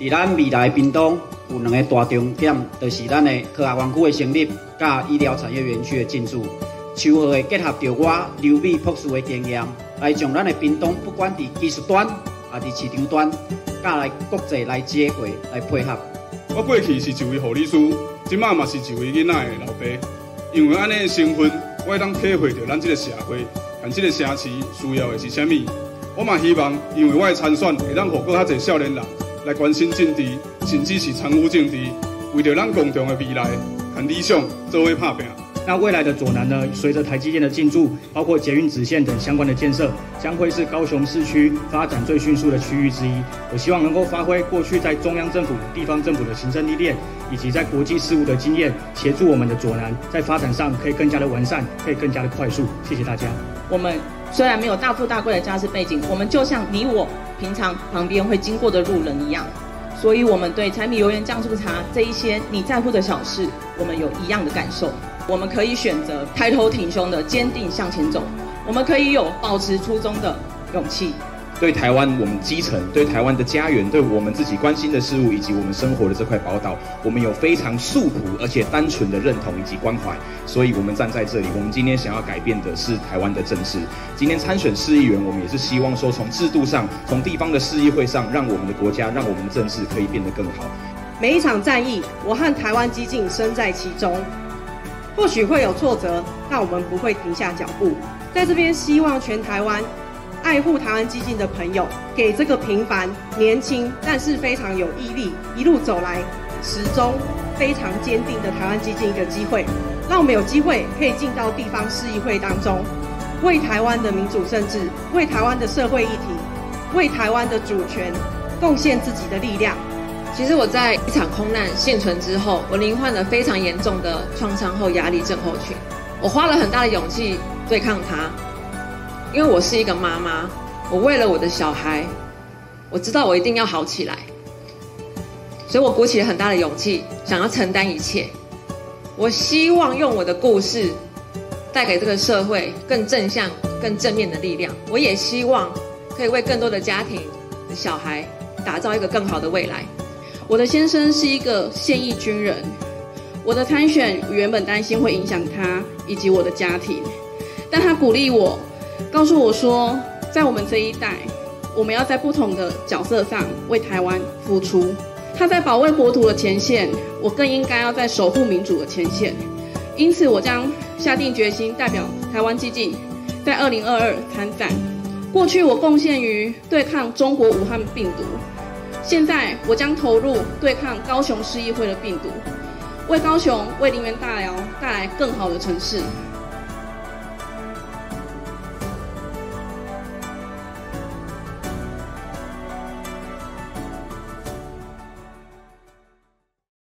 佇咱未來的，的屏東有兩個大重點，就是咱的科學園區的成立，甲醫療產業園區的進駐。秋豪會結合着我留美博士的經驗，來將咱的屏東，不管佇技術端，也佇市場端，甲來國際來接軌，來配合。我過去是一位護理師，現在也是一位囡仔的老爸。因為安尼的身份，我可以體會到咱這個社會，但這個城市需要的是什麼？我也希望，因為我的參選，會當服務較儕少年人。來關心政治，甚至是參與政治，為着咱共同的未來、甲理想做伙拍拼。那未來的左楠呢？隨着台積電的進駐，包括捷運支線等相關的建設，將會是高雄市區發展最迅速的區域之一。我希望能夠發揮過去在中央政府、地方政府的行政歷練，以及在國際事務的經驗，協助我們的左楠在發展上可以更加的完善，可以更加的快速。謝謝大家。我們雖然沒有大富大貴的家世背景，我們就像你我平常旁邊會經過的路人一樣，所以我們對柴米油鹽醬醋茶這一些你在乎的小事，我們有一樣的感受。我們可以選擇抬頭挺胸的堅定向前走，我們可以有保持初衷的勇氣。對台灣，我們基層，對台灣的家園，對我們自己關心的事物，以及我們生活的這塊寶島，我們有非常素樸而且單純的認同以及關懷。所以，我們站在這裡，我們今天想要改變的是台灣的政治。今天參選市議員，我們也是希望說，從製度上，從地方的市議會上，讓我們的國家，讓我們的政治可以變得更好。每一場戰役，我和台灣基進身在其中。或許會有挫折，但我們不會停下腳步。在這邊，希望全台灣愛護台灣基進的朋友，給這個平凡、年輕但是非常有毅力、一路走來始終非常堅定的台灣基進一個機會，讓我們有機會可以進到地方市議會當中，為台灣的民主政治、為台灣的社會議題、為台灣的主權貢獻自己的力量。其實我在一場空難倖存之後，我罹患了非常嚴重的創傷後壓力症候群。我花了很大的勇氣對抗它，因為我是一個媽媽，我為了我的小孩，我知道我一定要好起來，所以我鼓起了很大的勇氣，想要承擔一切。我希望用我的故事，帶給這個社會更正向、更正面的力量。我也希望可以為更多的家庭、小孩打造一個更好的未來。我的先生是一個現役軍人，我的參選原本擔心會影響他以及我的家庭，但他鼓勵我，告訴我說，在我們這一代，我們要在不同的角色上為台灣付出。他在保衛國土的前線，我更應該要在守護民主的前線。因此，我將下定決心代表台灣基進在二零二二參戰。過去，我貢獻於對抗中國武漢病毒。現在，我將投入對抗高雄市議會的病毒，為高雄、為林園大寮帶來更好的城市。